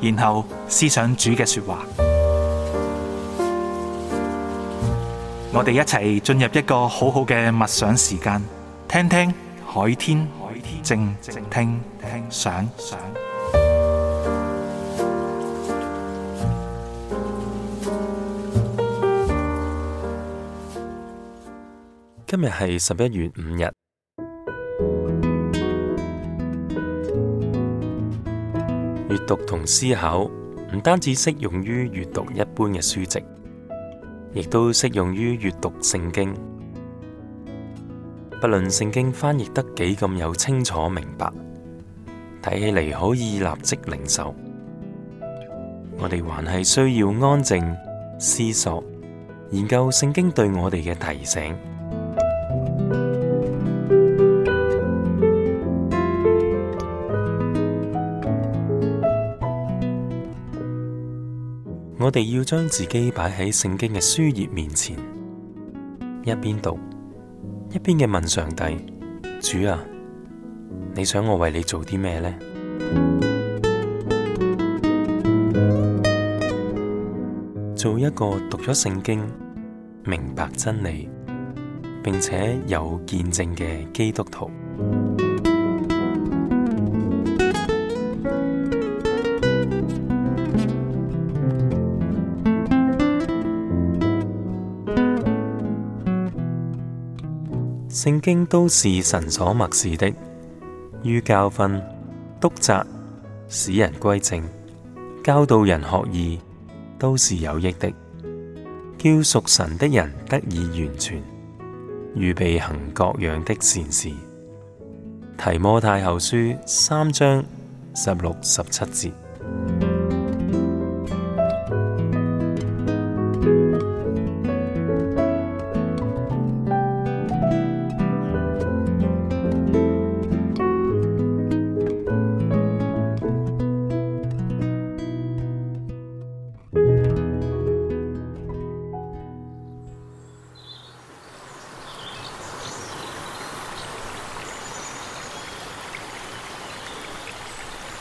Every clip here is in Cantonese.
然後思想主嘅說話，我哋一齊進入一個好好嘅默想時間，聽聽海天靜靜聽想。今日係十一月五日。閱讀同思考唔單只適用於閱讀一般嘅書籍，亦都適用於閱讀聖經。不論聖經翻譯得幾咁有清楚明白，睇起嚟，可以立即領受，我哋還係需要安靜思索研究聖經對我哋嘅提醒。我哋要將自己擺喺聖經嘅書頁面前，一邊讀，一邊嘅問上帝：主啊，你想我為你做啲咩呢？做一個讀咗聖經、明白真理，並且有見證嘅基督徒。聖經都是神所默示的，於教訓、督責、使人歸正、教導人學義，都是有益的。叫屬神的人得以完全，預備行各樣的善事。提摩太後書三章十六、十七節。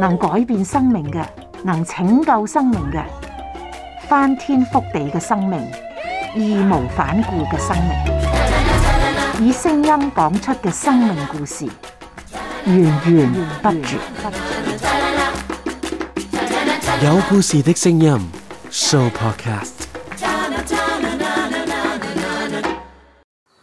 能改變生命嘅，能拯救生命嘅，翻天覆地嘅生命，義無反顧嘅生命，以聲音講出嘅生命故事，源源不絕。有故事的聲音，Sooo Podcast。